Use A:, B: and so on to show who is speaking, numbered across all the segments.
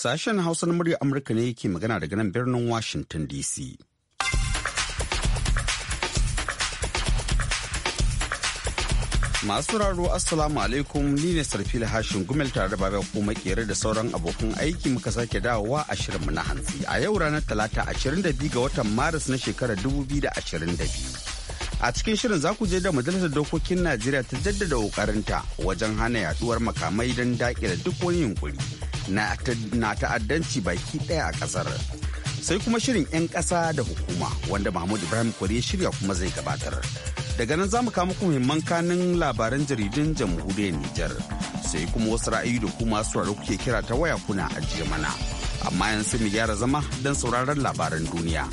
A: Sashen Hausa na muryar Amurka ne yake magana daga nan birnin Washington DC. Masu raro Assalamu alaikum ni ne Sarfila Hashin Gumel tare da Baba ko makere da sauran abokan aiki muka sake dawowa a shirinmu na hantsi. A yau ranar Talata 22 ga watan Maris na shekarar 2022. a cikin shirin za ku je da majalisar dokokin najeriya ta jaddada kokarinta wajen hana yaduwar makamai don dakila duk wani yunkuri na ta'addanci baki ɗaya a ƙasar. sai kuma shirin 'yan ƙasa da hukuma wanda mahmud ibrahim kwari ya shirya kuma zai gabatar daga nan za mu kawo muku muhimman kanin labaran jaridun jamhuriyar nijar sai kuma wasu ra'ayi da kuma sauraro kuke kira ta waya kuna ajiye mana amma yanzu mu gyara zama don
B: sauraron labaran duniya.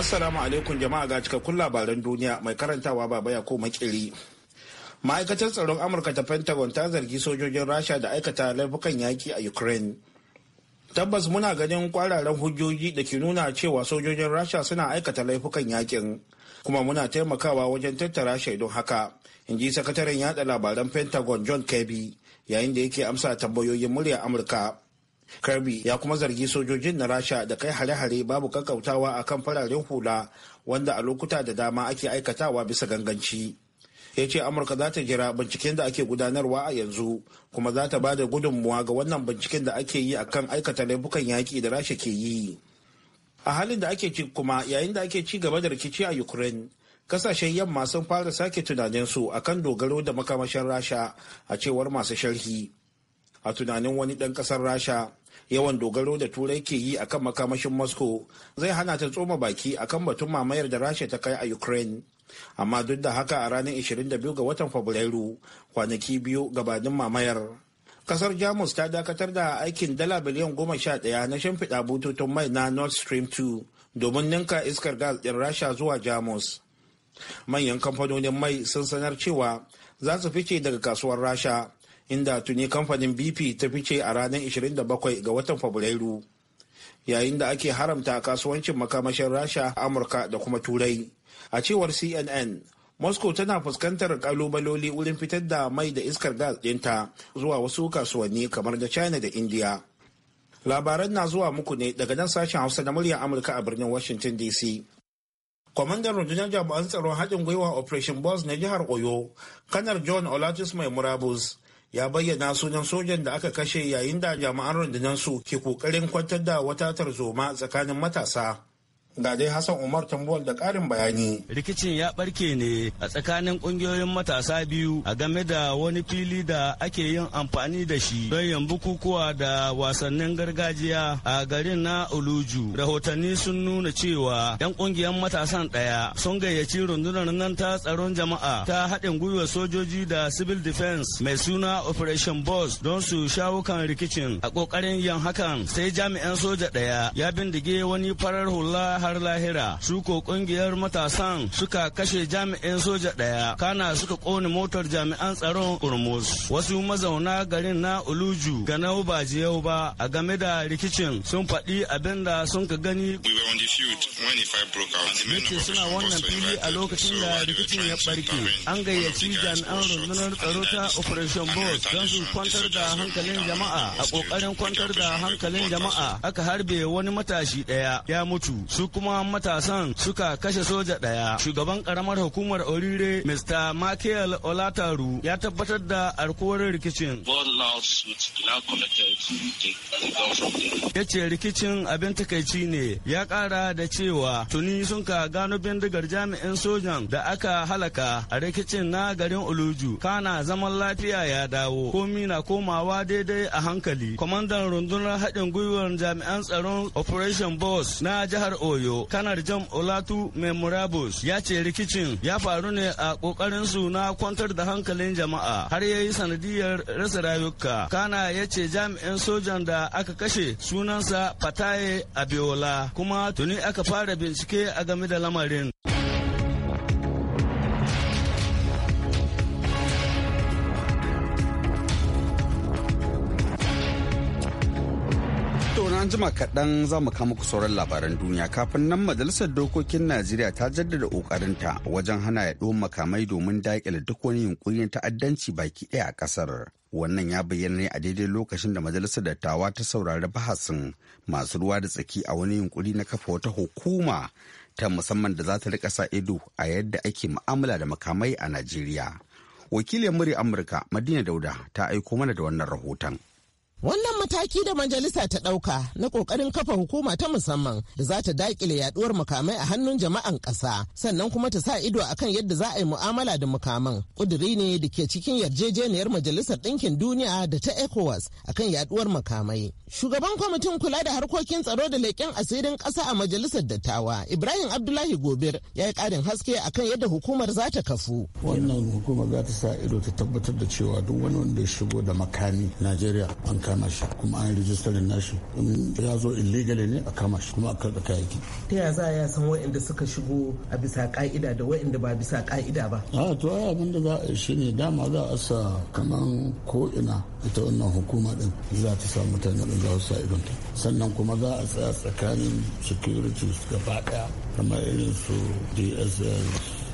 B: Assalamu alaikum jama'a ga cikakkun labaran duniya mai karantawa baba ya ko makiri. Ma'aikatar tsaron Amurka ta Pentagon ta zargi sojojin Rasha da aikata laifukan yaƙi a Ukraine. Tabbas muna ganin kwararen hujjoji da ke nuna cewa sojojin Rasha suna aikata laifukan yaƙin. kuma muna taimakawa wajen tattara shaidun haka, in ji sakataren yada labaran Pentagon John Kirby yayin da yake amsa tambayoyin murya Amurka. Kirby ya kuma zargi sojojin na Rasha da kai hare-hare babu kakkautawa a kan fararen hula wanda a lokuta da dama ake aikatawa bisa ganganci. Ya ce Amurka za ta jira binciken da ake gudanarwa a yanzu kuma za ta ba da gudunmuwa ga wannan binciken da ake yi akan aikata laifukan yaƙi da Rasha ke yi. A halin da ake ci kuma yayin da ake ci gaba da rikici a Ukraine, kasashen yamma sun fara sake tunaninsu kan dogaro da makamashin Rasha a cewar masu sharhi. A tunanin wani ɗan ƙasar Rasha, yawan dogaro da turai ke yi akan makamashin moscow zai hana ta tsoma baki akan batun mamayar da rasha ta kai a ukraine amma duk da haka a ranar 22 ga watan fabrairu kwanaki biyu gabanin mamayar kasar jamus ta dakatar da aikin dala biliyan goma sha ɗaya na shimfiɗa bututun mai na nord stream 2 domin ninka iskar gas ɗin rasha zuwa jamus manyan kamfanonin mai sun sanar cewa za su fice daga kasuwar rasha inda tuni kamfanin bp ta fice a ranar 27 ga watan fabrairu yayin da ake haramta kasuwancin makamashin rasha a amurka da kuma turai a cewar cnn moscow tana fuskantar kalubaloli wurin fitar da mai da iskar gas dinta zuwa wasu kasuwanni kamar da china da india labaran na zuwa muku ne daga nan sashen hausa na muryar amurka a birnin washington dc kwamandan rundunar jami'an tsaron haɗin gwiwa operation boss na jihar oyo kanar john olatus mai murabus ya bayyana sunan sojan da aka kashe yayin da jami'an rundunar su ke kokarin kwantar da wata tarzoma tsakanin matasa ga dai Hassan Umar Tambuwal da ƙarin bayani.
C: Rikicin ya ɓarke ne a tsakanin ƙungiyoyin matasa biyu a game da wani fili da ake yin amfani da shi don yin bukukuwa da wasannin gargajiya a garin na Uluju. Rahotanni sun nuna cewa 'yan ƙungiyar matasan ɗaya sun gayyaci rundunar nan ta tsaron jama'a ta haɗin gwiwa sojoji da civil defense mai suna Operation Boss don su shawo kan rikicin. A ƙoƙarin yin hakan sai jami'an soja ɗaya ya bindige wani farar hula har lahira su ko kungiyar matasan suka kashe jami'in soja ɗaya kana suka kone motar jami'an tsaron kurmus wasu mazauna garin na uluju ga ba jiyau ba a game da rikicin sun faɗi abin da sun ka gani yace suna wannan fili a lokacin da rikicin ya barke an gayyaci jami'an rundunar tsaro ta operation boss don su kwantar da hankalin jama'a a kokarin kwantar da hankalin jama'a aka harbe wani matashi ɗaya ya mutu su kuma matasan suka kashe soja ɗaya. Shugaban ƙaramar hukumar Orire Mr. Michael Olataru ya tabbatar da arkuwar rikicin. Ya ce rikicin abin takaici ne ya ƙara da cewa tuni sun ka gano bindigar jami'in sojan da aka halaka a rikicin na garin Oluju kana zaman lafiya ya dawo komi na komawa daidai a hankali. Kwamandan rundunar haɗin gwiwar jami'an tsaron Operation Boss na jihar Oyo oyo kanar jam olatu memorabus ya ce rikicin ya faru ne a kokarin su na kwantar da hankalin jama'a har ya yi sanadiyar rasa rayuka kana ya ce jami'in sojan da aka kashe sunansa fataye abiola kuma tuni aka fara bincike a game da lamarin
A: jima kaɗan za mu kama ku sauran labaran duniya kafin nan majalisar dokokin najeriya ta jaddada ƙoƙarinta wajen hana yaɗo makamai domin daƙile duk wani yunkurin ta'addanci baki ɗaya a ƙasar wannan ya bayyana ne a daidai lokacin da majalisar dattawa ta saurari bahasin masu ruwa da tsaki a wani yunkuri na kafa wata hukuma ta musamman da za ta rika sa ido a yadda ake mu'amala da makamai a najeriya wakilin muryar amurka madina dauda ta aiko mana da wannan rahoton Wannan mataki da
D: majalisa ta ɗauka na ƙoƙarin kafa hukuma ta musamman da za ta daƙile yaɗuwar mukamai a hannun jama'an ƙasa sannan kuma ta sa ido a kan yadda za a yi mu'amala da mukaman ƙuduri ne da ke cikin yarjejeniyar majalisar ɗinkin duniya da ta ECOWAS a kan yaɗuwar mukamai. Shugaban kwamitin kula da harkokin tsaro da leƙen asirin ƙasa a majalisar dattawa Ibrahim Abdullahi Gobir ya yi ƙarin haske a kan yadda hukumar za ta kafu. Wannan hukumar za ta sa ido
C: ta tabbatar da cewa duk wani wanda ya shigo da makami Najeriya kama shi kuma an da nashi in ya zo illegal ne a kama shi kuma a karɓa kayayyaki.
D: ta ya za a ya san wa'anda suka shigo a bisa ka'ida da wa'anda ba bisa ka'ida ba.
C: a to ai abin da za a shi ne dama za a sa kaman ko ina ita wannan hukuma din za ta sa mutane din za su sa ta. sannan kuma za a tsaya tsakanin security gaba daya kamar irin su dss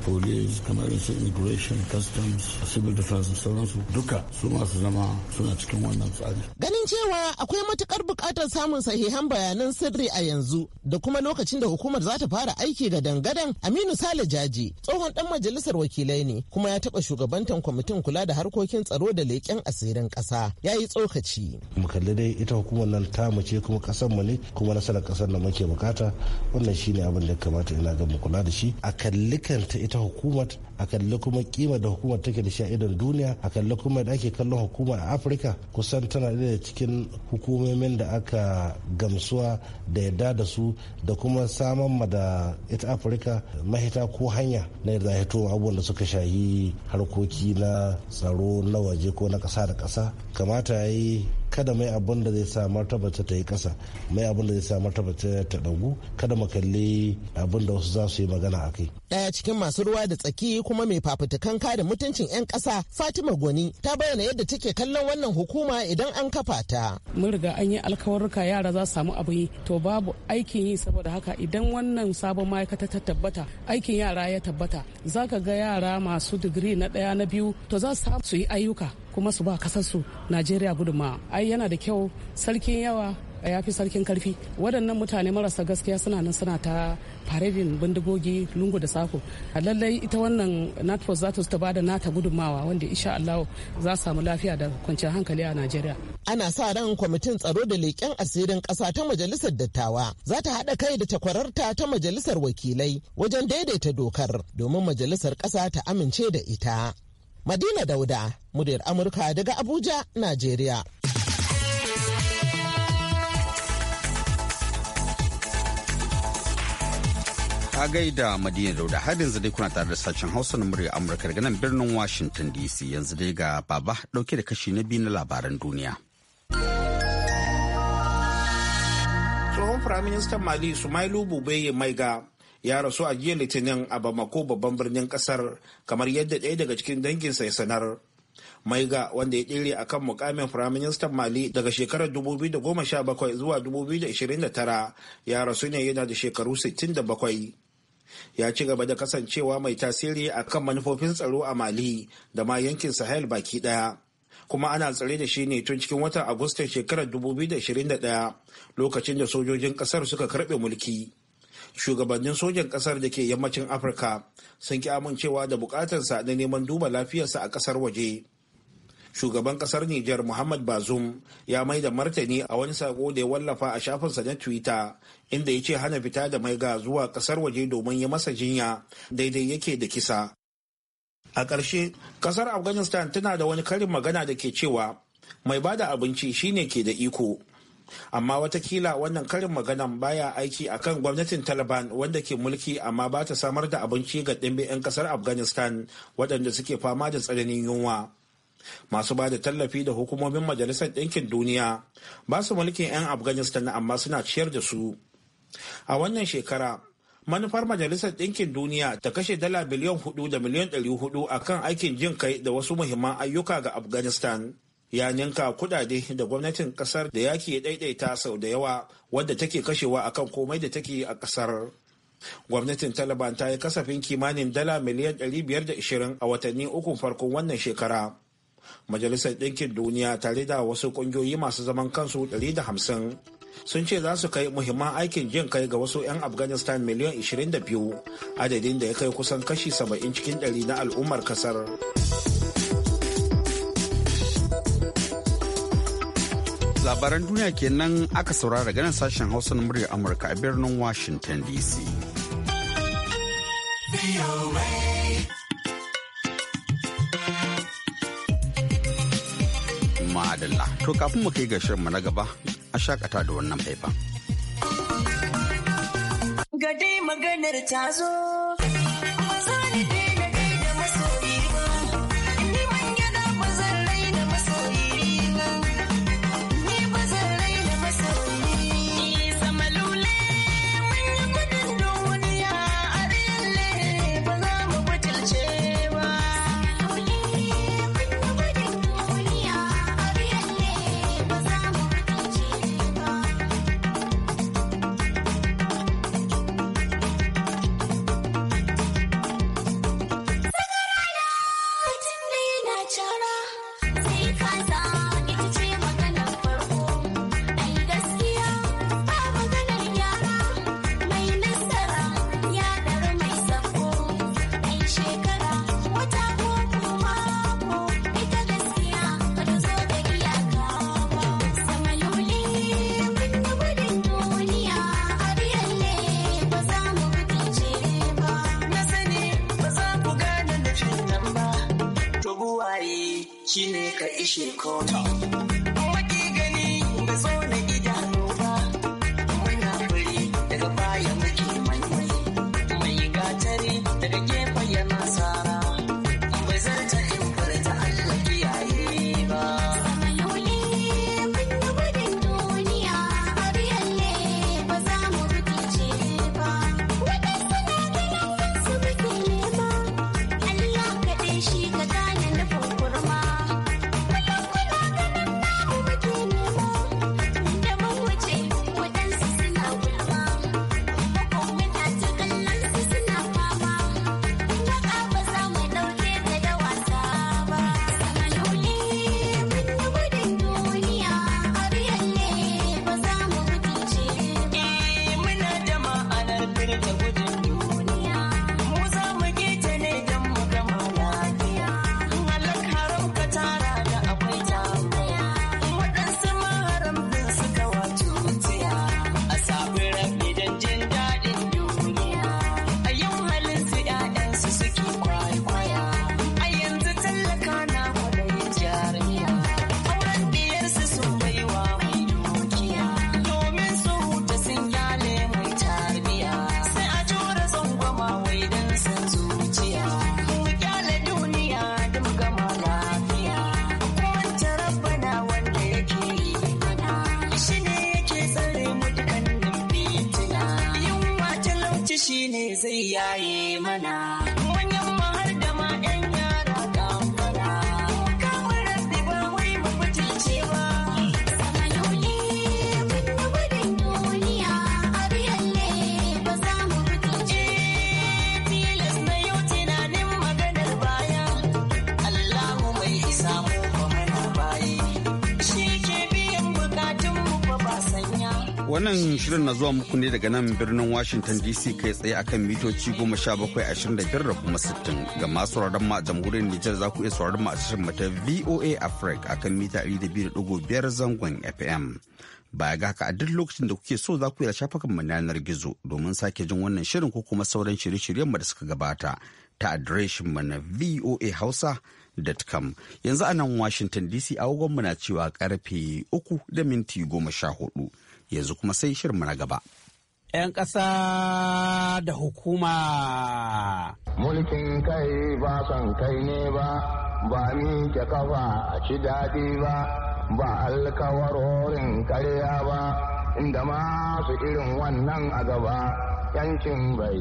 C: police kamar su immigration customs civil defense sauransu duka su masu zama suna cikin wannan tsari
D: ganin cewa akwai matukar bukatar samun sahihan bayanan sirri a yanzu da kuma lokacin da hukumar za ta fara aiki ga dangadan aminu sale jaji tsohon dan majalisar wakilai ne kuma ya taba shugabantan kwamitin kula da harkokin tsaro da leƙen asirin ƙasa ya yi tsokaci
E: mu kalli dai ita hukumar nan tamu ce kuma ƙasar mu ne kuma nasarar ƙasar da muke bukata wannan shine abin da ya kamata ina ga mu kula da shi a kalli kanta ita ita hukumar a kalli kuma kima da hukumar take da sha'idar duniya a kalli kuma da ake kallon hukumar a afirka kusan tana da cikin hukumomin da aka gamsuwa da yadda da su da kuma saman da ita afirka mahita ko hanya na yadda hito abubuwan da suka shahi harkoki na tsaro na waje ko na ƙasa da ƙasa kamata ya yi kada mai abin da zai sa martaba ta yi kasa mai abin da zai sa martaba ta dagu kada mu kalli abin da wasu za
B: su yi magana a kai
D: daya cikin masu ruwa da tsaki kuma mai fafutukan kada mutuncin yan kasa Fatima goni ta bayyana yadda take kallon wannan hukuma idan an kafa ta mun riga an yi alkawarruka yara za su samu abu yi to babu aikin yi saboda haka idan wannan sabon ma'aikata ta tabbata aikin yara ya tabbata zaka ga yara masu digiri na daya na biyu to za su su yi ayyuka kuma su ba kasarsu najeriya gudunmawa ai yana da kyau sarkin yawa ya fi sarkin karfi waɗannan mutane marasa gaskiya suna nan suna ta faredin bindigogi lungu da sako a lallai ita wannan natfos za ta ba da nata gudunmawa wanda insha allahu za samu lafiya da kwanciyar hankali a najeriya ana sa ran kwamitin tsaro da leƙen asirin ƙasa ta majalisar dattawa za ta haɗa kai da takwararta ta majalisar wakilai wajen daidaita dokar domin majalisar ƙasa ta amince da ita Madina Dauda, muryar Amurka daga Abuja, Najeriya.
A: A gaida Madina Dauda, har yanzu dai kuna tare da sashen Hausa na muryar Amurka daga nan birnin Washington DC yanzu dai ga baba Ɗauke da kashi na biyu na labaran duniya.
B: Tsohon Firaministan Mali Sumailu Bube Maiga ya rasu a jiya litinin a bamako babban birnin kasar kamar yadda ɗaya daga cikin danginsa ya sanar maiga wanda ya ɗire a kan mukamin firaministan mali daga shekarar 2017 zuwa 2029 ya rasu ne yana da shekaru 67 ya ci gaba da kasancewa mai tasiri a kan manufofin tsaro a mali da ma yankin sahel baki daya kuma ana tsare da shi ne tun cikin watan agustan shekarar 2021 lokacin da sojojin kasar suka karbe mulki shugabannin sojan kasar da ke yammacin afirka sun ki amincewa da bukatarsa na neman duba lafiyarsa a kasar waje shugaban kasar Nijar Muhammad Bazum ya mai da martani a wani sako da ya wallafa a shafinsa na Twitter inda ya ce hana fita da mai ga zuwa kasar waje domin ya masa jinya daidai yake da kisa. A ƙarshe, kasar Afghanistan tana da wani karin magana da ke cewa mai bada abinci shine ke da iko. amma watakila wannan karin maganan baya aiki a kan gwamnatin taliban wanda ke mulki amma ba ta samar da abinci ga ɗimbe 'yan ƙasar afghanistan waɗanda suke fama da tsananin yunwa masu ba da tallafi da hukumomin majalisar ɗinkin duniya ba su mulkin 'yan afghanistan amma suna ciyar da su a wannan shekara manufar majalisar ɗinkin duniya ta kashe dala biliyan hudu da miliyan ɗari hudu a kan aikin jin kai da wasu muhimman ayyuka ga afghanistan ya ninka kudade da gwamnatin kasar da yake daidaita sau da yawa wadda take kashewa akan komai da take a kasar gwamnatin taliban ta yi kasafin kimanin dala miliyan 520 a watanni uku farkon wannan shekara majalisar ɗinkin duniya tare da wasu ƙungiyoyi masu zaman kansu 150 sun ce za su kai muhimman aikin jin kai ga wasu 'yan afghanistan miliyan 22 adadin da ya kai kusan kashi 70 cikin 100 na al'ummar kasar. labaran duniya kenan
A: aka saurara daga nan sashen hausa na muryar amurka a birnin washington dc ma'adalla to kafin mu kai ga mu na gaba a shakata da wannan faifan
F: gade maganar ta zo she caught up.
A: Shirin na zuwa muku ne daga nan birnin Washington DC kai tsaye akan mitoci 1725 da kuma 60 ga masu sauraron ma a jamhuriyar Nijar za ku iya sauraron ma a cikin mata VOA Africa akan mita 200.5 zangon FM. Baya ga haka a duk lokacin da kuke so za ku iya shafakan mu yanar gizo domin sake jin wannan shirin ko kuma sauran shirye-shiryen mu da suka gabata ta adireshin mu na voahausa.com. Yanzu a nan Washington DC a mu na cewa karfe 3 da minti 14. yanzu kuma sai shirin na gaba.
G: 'Yan ƙasa da hukuma.
F: Mulkin kai ba son kai ne ba, ba ni ke kafa a ci daɗi ba, ba alkawarorin karya ba. Inda masu irin wannan a gaba yankin bai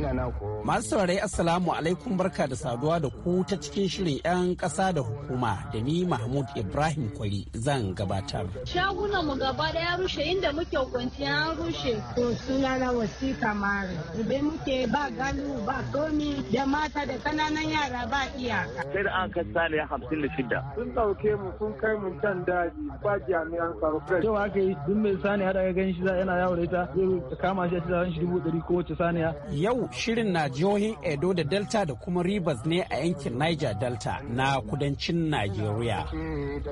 F: na na
G: ko. Masu saurari Assalamu alaikum barka da saduwa da ku ta cikin shirin 'yan ƙasa da hukuma da ni Mahmud Ibrahim Kwari zan gabatar.
D: Shagunan mu gaba ya rushe inda muke hukunci an rushe. To na wasi kamar Ibe muke ba
H: galu ba komi da mata da kananan yara ba iyaka.
F: Sai da an kasa ne hamsin da shida. Sun ɗauke mu sun kai mu can daji ba jami'an tsaro. Cewa ake yi dun mai sani hada ya gani shi za yana yawo da ita ta kama shi a cikin shi dubu ɗari ko wace saniya. Yau shirin
G: na jihohin Edo da Delta da kuma Rivers ne a yankin Niger Delta na kudancin Najeriya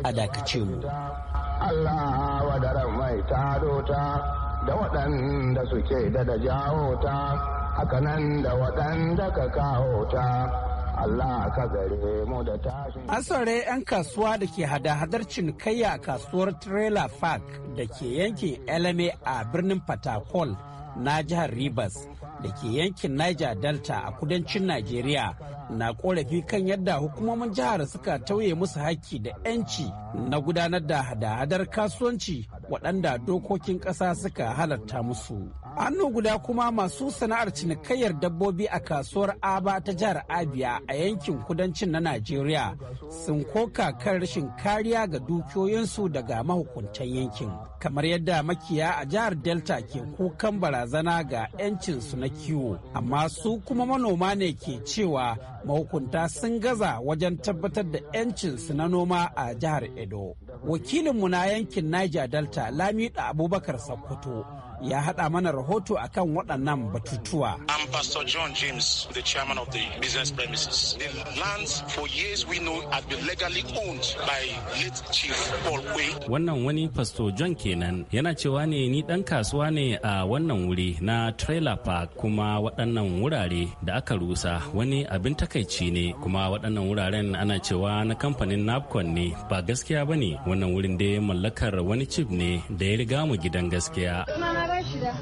G: a dakace mu.
F: Allah wadaran mai taro ta da waɗanda suke da da jawo ta hakanan da waɗanda ka kawo ta Allah ka gare mu da tashin.
D: An saurari
G: 'yan kasuwa da ke hada-hadar cinikayya a kasuwar Trailer Park da ke yankin LMA a birnin Fatakol na jihar Rivers da ke yankin Niger Delta a kudancin Najeriya na korafi kan yadda hukumomin jihar suka tauye musu haƙƙi da 'yanci na gudanar da hada-hadar kasuwanci waɗanda dokokin ƙasa suka halarta musu. hannu guda kuma masu sana'ar cinikayyar dabbobi a kasuwar aba ta jihar abia a yankin kudancin na najeriya sun koka kan rashin kariya ga dukiyoyinsu daga mahukuntan yankin kamar yadda makiya a jihar delta ke kukan barazana ga 'yancinsu na kiwo amma su kuma manoma ne ke cewa mahukunta sun gaza wajen tabbatar da 'yancinsu na noma a jihar edo wakilinmu na yankin niger delta lamida abubakar sokoto ya haɗa mana rahoto akan waɗannan batutuwa.
B: John James, the chairman of the business premises. for years we know been by late
H: Wannan wani Pastor John kenan yana cewa ne ni ɗan kasuwa ne a wannan wuri na trailer park kuma waɗannan wurare da aka rusa wani abin takaici ne kuma waɗannan wuraren ana cewa na kamfanin napcon ne ba gaskiya ba ne wannan wurin da mallakar wani chip ne da ya riga mu gidan gaskiya.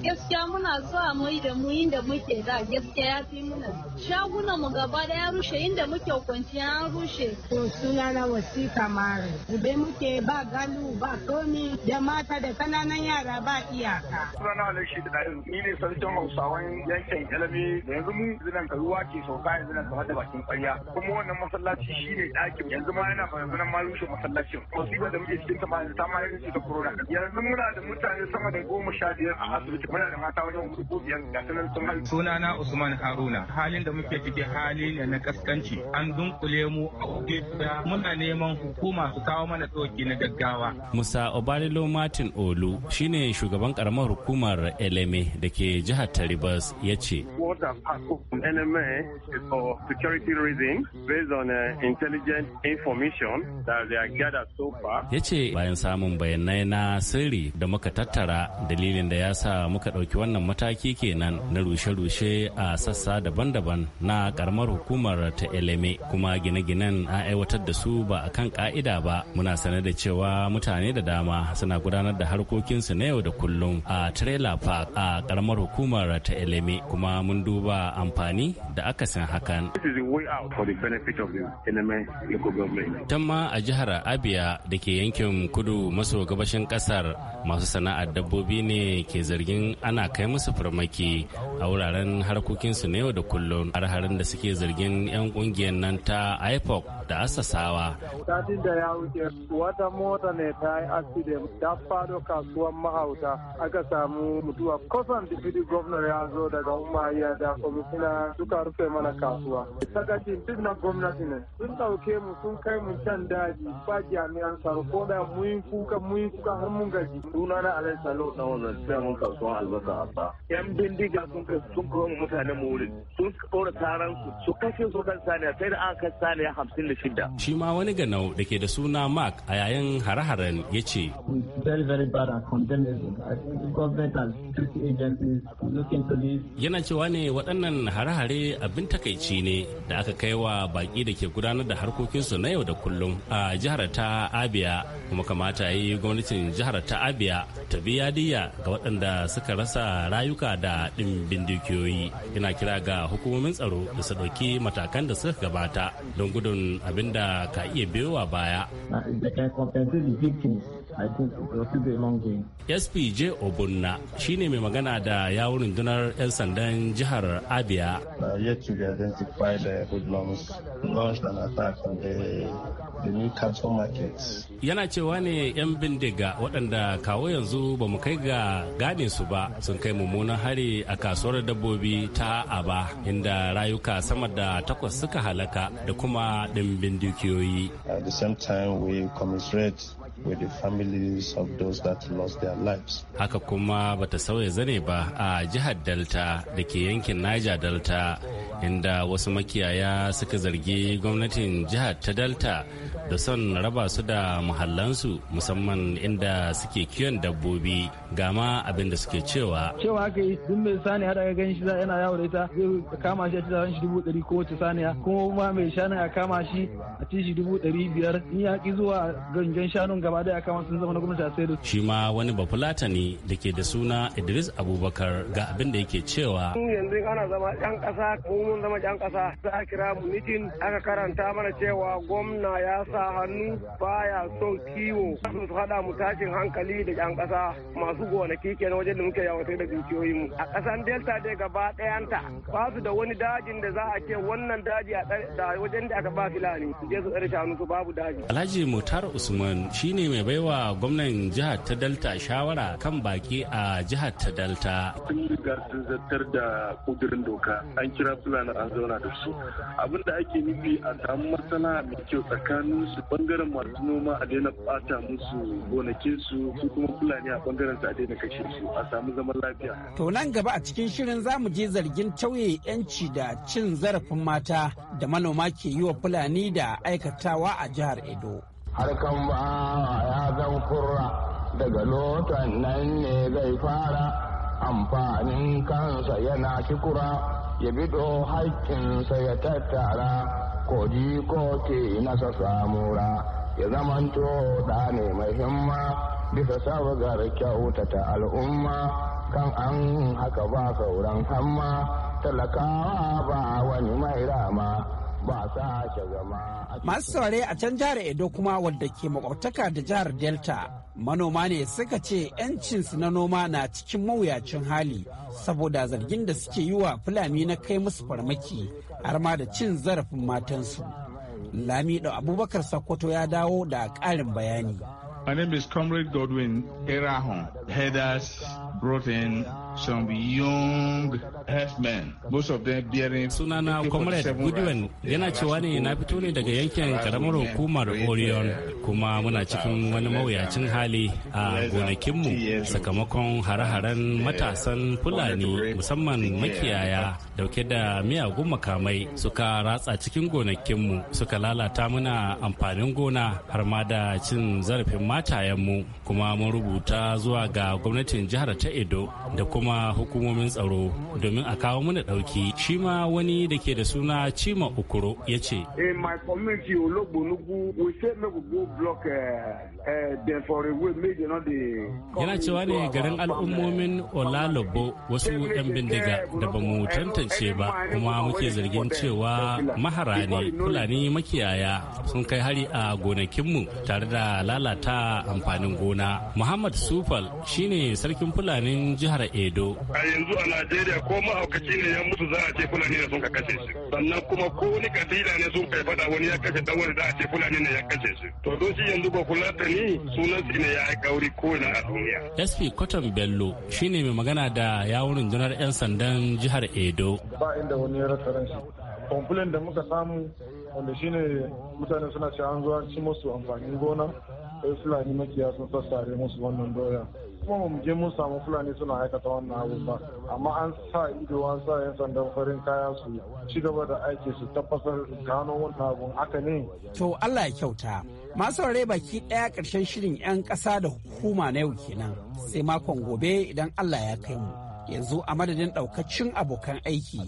G: gaskiya muna zuwa mai da mu inda muke da gaskiya ya fi muna shagunan mu gaba da ya rushe inda muke kwanciya an rushe to sunana
H: wasi kamar zube muke ba galu ba komi da mata da kananan yara
D: ba iyaka
F: sunana shi da dayin ni ne sarkin hausawan yankin kalami da yanzu mu zinan karuwa ke sauka yanzu nan kamar da bakin kwarya kuma wannan masallaci shine ɗakin yanzu ma yana bayanan ma rushe masallacin musibar da muke cikin ta ma yanzu ta ma yanzu ta corona yanzu muna da mutane sama da goma sha biyar a asibiti muna da mata wajen hudu sun sunana usman haruna
H: halin da muke ciki hali ne na kaskanci an dunkule mu a kuke da muna neman hukuma su kawo mana tsoki na gaggawa. musa obalilo martin olu shine shugaban karamar hukumar eleme da ke jihar taribas ya ce. Uh, ya ce bayan samun bayanai na sirri da muka tattara dalilin da ya sa muka aka ɗauki wannan mataki kenan na rushe-rushe a sassa daban-daban na karamar hukumar ta eleme kuma gine-ginen an aiwatar da su ba a kan ka'ida ba muna sane da cewa mutane da dama suna gudanar da harkokinsu na yau da kullum a trailer park a karamar hukumar ta eleme kuma mun duba amfani da akasin hakan tamma a jihar abia da ke yankin kudu maso gabashin kasar masu sana'ar dabbobi ne ke zargin ana kai musu farmaki a wuraren harkokinsu na yau da kullum har-harin da suke zargin 'yan kungiyar nan ta ipoc da asasawa.
F: Satin da ya wuce wata mota ne ta yi accident ta fado kasuwan mahauta aka samu mutuwa kusan digiri gwamnar ya zo daga umariya da kwamishina suka rufe mana kasuwa. Sakacin duk na gwamnati ne sun ɗauke mu sun kai mu can daji ba jami'an tsaro ko da mun kuka mun kuka har mun gaji. Sunana Alain Salo na wanzan kasuwa albasa a sa yan bindiga sun sun kawo mutanen mu sun kora taran su su kashe su kan saniya sai da aka kai saniya hamsin da shida
H: shi ma wani ganau da ke da suna mark a yayin hare-haren ya ce yana cewa ne waɗannan hare-hare abin takaici ne da aka kai wa baƙi da ke gudanar da harkokinsu na yau da kullum a jihar ta abia kuma kamata yi gwamnatin jihar ta abia ta biya diya ga waɗanda suka aka rasa rayuka da ɗin dukiyoyi yana kira ga hukumomin tsaro da su ɗauki matakan da suka gabata don gudun abin da ka iya biyowa baya spj obunna shine mai magana da yawon rundunar 'yan sandan jihar abia
F: uh, domin kasuwar market.
H: Yana cewa ne 'yan bindiga waɗanda kawo yanzu ba mu kai ga gane su ba sun kai mummunan hari a kasuwar dabbobi ta aba inda rayuka sama da takwas suka halaka da kuma ɗin dukiyoyi. At the
F: same time we commiserate with the families of those that lost their lives.
H: Haka kuma bata sauya zane ba a jihar Delta da ke yankin Niger Delta inda wasu makiyaya suka zargi gwamnatin jihar ta Delta da son raba su da muhallansu musamman inda suke kiwon dabbobi ga ma abin da suke cewa.
F: Cewa haka yi duk mai saniya da gani shi yana yawo da zai kama shi a cikin shi dubu ɗari kowace saniya kuma mai shanu a kama shi a ci shi dubu ɗari biyar in ya ki zuwa gangan shanun gaba daya kama sun zama na gwamnati a sai
H: shi ma wani bafulata ne da ke da suna Idris Abubakar ga abin da yake cewa
F: yanzu ana zama yan kasa ko mun zama yan kasa za a kira mu mitin aka karanta mana cewa gwamna ya sa hannu baya son kiwo su hada mu tashin hankali da yan kasa masu gonaki kenan wajen da muke yawatar da dukiyoyin mu a kasan Delta dai gaba dayanta ba su da wani
C: dajin da za a ce wannan daji a wajen da aka ba filani je su tsare shanu su babu daji
H: Alhaji Mutar Usman shi shine mai baiwa gwamnan jihar ta Delta shawara kan baki a jihar ta Delta.
F: Sun riga sun zartar da kudirin doka an kira Fulani an zauna da su. Abin da ake nufi a samu matsala mai kyau tsakanin su bangaren masu noma a daina bata musu gonakin su su kuma Fulani a bangaren su a daina kashe su a samu zaman lafiya.
G: To nan gaba a cikin shirin za mu je zargin tauye 'yanci da cin zarafin mata da manoma ke yi wa Fulani da aikatawa a jihar Edo.
F: harkan ba ya zan kurra daga lotan nan ne zai fara amfanin kansa yana shikura ya bido haƙƙinsa ya tattara koji ko ke nasa samura ya zamanto da ne mai himma bisa sabgar kyautata al'umma kan an haka ba sauran hamma talakawa ba wani mai rama
G: Masu saurare a can jihar Edo kuma wadda ke makwabtaka da jihar Delta manoma ne suka ce 'yancinsu na noma na cikin mawuyacin hali saboda zargin da suke yi wa Fulani na kai musu farmaki har ma da cin zarafin matansu. da Abubakar Sakkwato ya dawo da ƙarin bayani.
F: My name is Comrade Godwin Erahon. Headers brought in some young herdsmen, most of them bearing. Sunana Comrade Goodwin yana cewa ne na
H: fito ne daga yankin karamar hukumar Orion kuma muna cikin wani mawuyacin hali a gonakinmu sakamakon hare-haren matasan Fulani musamman makiyaya dauke da miyagun makamai suka ratsa cikin gonakinmu suka lalata muna amfanin gona har ma da cin zarafin matayenmu kuma mun rubuta zuwa ga gwamnatin jihar ta edo da kuma hukumomin tsaro domin a kawo mana dauki shi ma wani da ke da suna cima ukuro ya ce yana cewa ne garin uh, al'ummomin olalobo wasu 'yan bindiga da ba mu tantance ba kuma muke zargin cewa mahara fulani makiyaya sun kai hari a gonakinmu tare da lalata amfanin gona. Muhammad Sufal shine sarkin Fulanin jihar Edo.
F: A yanzu a Najeriya ko mahaukaci ne ya mutu za a ce Fulani ne sun ka kashe shi. Sannan kuma ko wani kabila ne sun kai faɗa wani ya kashe dan wani za a ce Fulani ne ya kashe shi. To don shi yanzu ba kula ta ni sunan shi ne ya yi kauri ko na a duniya.
H: SP Cotton Bello shine mai magana da yawunin rundunar 'yan sandan jihar Edo.
F: Ba inda wani ya rasa ran shi. Komplain da muka samu wanda shine mutane suna cewa an zo an ci musu amfanin gona akwai fulani makiya sun sassare musu wannan doya kuma mu je mun samu fulani suna aikata wannan abu ba amma an sa ido an sa yan sandan farin kaya su ci gaba da aiki su tabbatar gano wannan abu haka ne
G: to Allah ya kyauta masu rai baki daya karshen shirin yan kasa da hukuma na yau kenan sai makon gobe idan Allah ya kai mu yanzu a madadin daukacin abokan aiki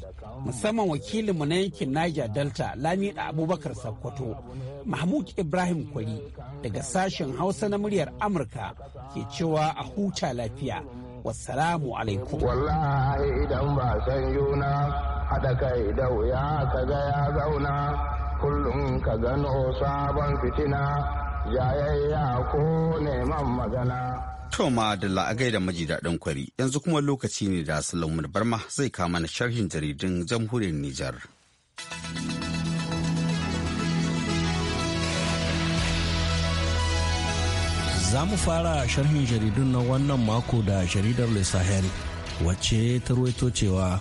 G: musamman wakilinmu na yankin Niger Delta Lamida Abubakar Sakkwato, Mahmud Ibrahim Kwari daga sashen Hausa na muryar Amurka ke cewa a huta lafiya.
F: Wassalamu alaikum. Wallahi idan ba san yuna haɗa kai da wuya ka ga ya zauna kullum ka gano sabon fitina jayayya ko neman magana.
A: To Adalla a gaida maji daɗin kwari yanzu kuma lokaci ne da Sulaiman Barma zai kama na sharhin jaridun jamhuriyar Nijar.
E: Za mu fara sharhin jaridun na wannan mako da jaridar Le Sahel wacce ta ruwaito cewa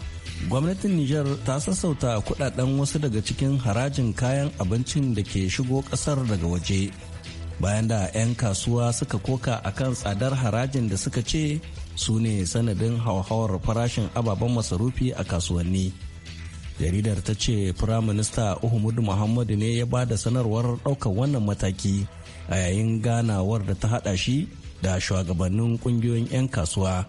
E: gwamnatin Nijar ta sassauta kudaden wasu daga cikin harajin kayan abincin da ke shigo kasar daga waje bayan da 'yan kasuwa suka koka a kan tsadar harajin da suka ce su ne sanadin hauhawar farashin ababen masarufi a kasuwanni jaridar ta ce firaminista uhumudu muhammadu ne ya ba da sanarwar ɗaukar wannan mataki a yayin ganawar da ta hada shi da shugabannin ƙungiyoyin 'yan kasuwa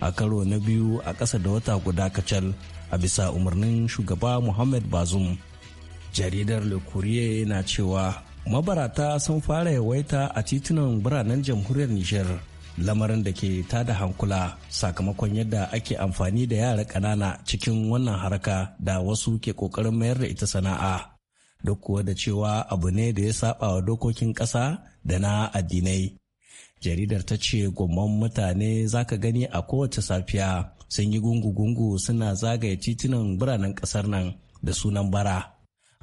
E: a karo na biyu a ƙasa da wata guda kacal a bisa umarnin shugaba muhammad bazum jaridar le na cewa mabarata sun fara yawaita a titunan biranen jamhuriyar Nijar. lamarin da ke tada hankula sakamakon yadda ake amfani da yara ƙanana cikin wannan haraka da wasu ke ƙoƙarin mayar da ita sana'a duk kuwa da cewa abu ne da ya saba wa dokokin ƙasa da na addinai jaridar ta ce gomman mutane zaka gani a kowace safiya sun yi gungu-gungu suna zagaye titunan biranen ƙasar nan da sunan bara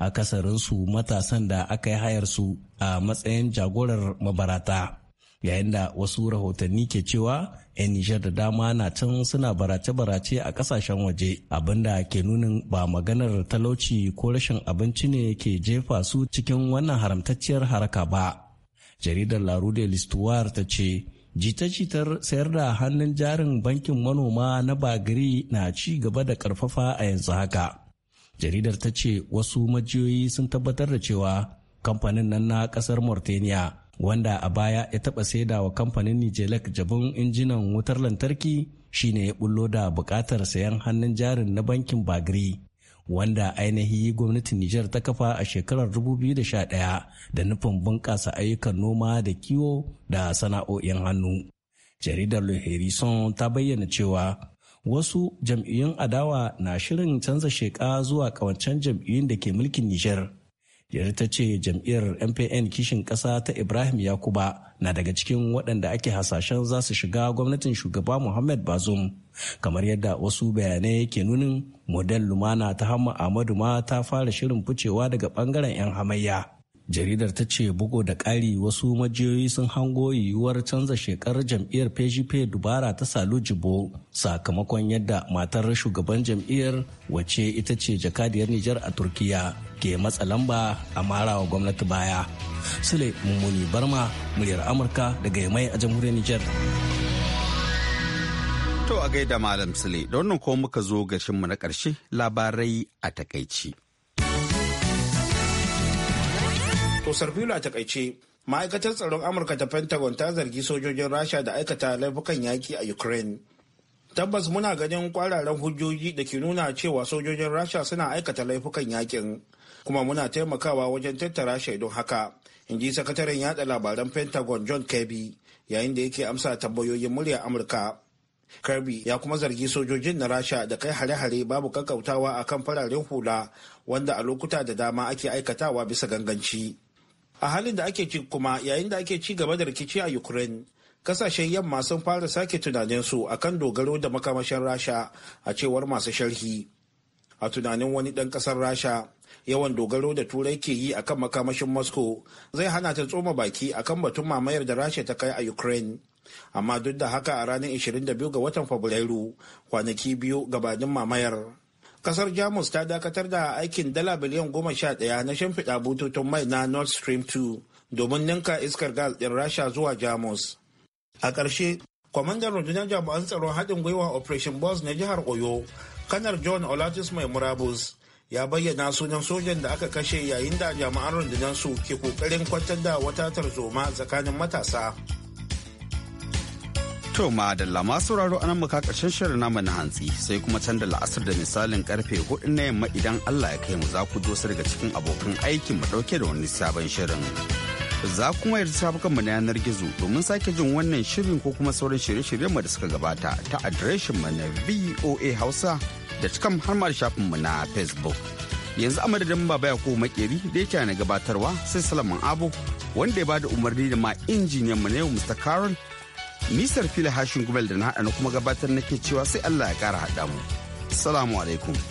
E: akasarinsu matasan da aka yi hayarsu a matsayin jagorar mabarata yayin da wasu rahotanni ke cewa 'yan nijar da dama na can suna barace-barace a kasashen waje abinda ke nunin ba maganar talauci ko rashin abinci ne ke jefa su cikin wannan haramtacciyar haraka ba jaridar la rue ta ce jita-jitar sayar da hannun jarin bankin manoma na bagiri na ci gaba da karfafa a yanzu haka jaridar ta ce wasu majiyoyi sun tabbatar da cewa kamfanin nan na kasar mauritania wanda a baya ya taɓa saida wa kamfanin nijelek jabin injinan wutar lantarki shine ya bullo da bukatar sayan hannun jarin na bankin bagri wanda ainihi gwamnatin Nijar ta kafa a shekarar 2011 da nufin bunƙasa ayyukan noma da kiwo da sana'o'in hannu. Jaridar Le ta bayyana cewa wasu jam'iyyun adawa na shirin canza sheka zuwa ƙawancen jam'iyyun da ke mulkin Nijar. Yar ta ce jam'iyyar MPN kishin ƙasa ta Ibrahim Yakuba na daga cikin waɗanda ake hasashen za su shiga gwamnatin shugaba Muhammad Bazoum. Kamar yadda wasu bayanai ke nunin model lumana ta Hamma Ahmadu ma ta fara shirin ficewa daga ɓangaren 'yan hamayya. jaridar ta ce bugu da ƙari wasu majiyoyi sun hango yiwuwar canza shekarar jam'iyyar pgp dubara ta salu jibo sakamakon yadda matar shugaban jam'iyyar wace ita ce jakadiyar nijar a turkiya ke matsa lamba a marawa gwamnati baya sule mummuni barma muryar amurka daga yamai a jamhuriyar nijar
A: to a gaida malam sule da wannan ko muka zo gashinmu na karshe labarai a takaici.
B: kusar filo a takaice, ma'aikatar tsaron Amurka ta Pentagon ta zargi sojojin Rasha da aikata laifukan yaki a Ukraine. Tabbas muna ganin kwararen hujjoji da ke nuna cewa sojojin Rasha suna aikata laifukan yakin kuma muna taimakawa wajen tattara shaidun haka, in ji sakataren yada labaran Pentagon John Kirby yayin da yake amsa tambayoyin murya Amurka. Kirby ya kuma zargi sojojin na Rasha da kai hare-hare babu a kan fararen hula wanda a lokuta da dama ake aikatawa bisa ganganci. a halin da ake ci kuma yayin da ake ci gaba da rikici a ukraine kasashen yamma sun fara sake tunaninsu a kan dogaro da makamashin rasha a cewar masu sharhi a tunanin wani ɗan ƙasar rasha yawan dogaro da turai ke yi akan makamashin moscow zai hana ta tsoma baki akan batun mamayar da rasha ta kai a ukraine amma duk da haka a ranar 22 ga watan fabrairu kwanaki biyu gabanin mamayar kasar jamus ta dakatar da aikin dala biliyan goma sha ɗaya na shimfiɗa bututun mai na nord stream 2 domin ninka iskar gas ɗin rasha zuwa jamus a ƙarshe kwamandan rundunar jami'an tsaro haɗin gwiwa operation boss na jihar oyo kanar john olatis mai murabus ya bayyana sunan sojan da aka kashe yayin da jami'an rundunar su ke ƙoƙarin kwantar da wata tarzoma tsakanin matasa
A: To ma da lama sauraro anan muka karshen shirin namu na hantsi sai kuma can da la'asar da misalin karfe hudu na yamma idan Allah ya kai mu za ku dosa daga cikin abokan aikin mu dauke da wani sabon shirin. Za kuma yarda sabukan mu na yanar gizo domin sake jin wannan shirin ko kuma sauran shirye-shiryen mu da suka gabata ta adireshin mu na VOA Hausa da cikan har ma shafin mu na Facebook. Yanzu a madadin baba ya ko makeri da yake na gabatarwa sai Salaman Abu wanda ya bada umarni da ma injiniyan mu na yau Mr. Carol Nisar fila hashin gubel da na haɗa na kuma gabatar nake cewa sai Allah ya kara haɗa mu. Salamu alaikum.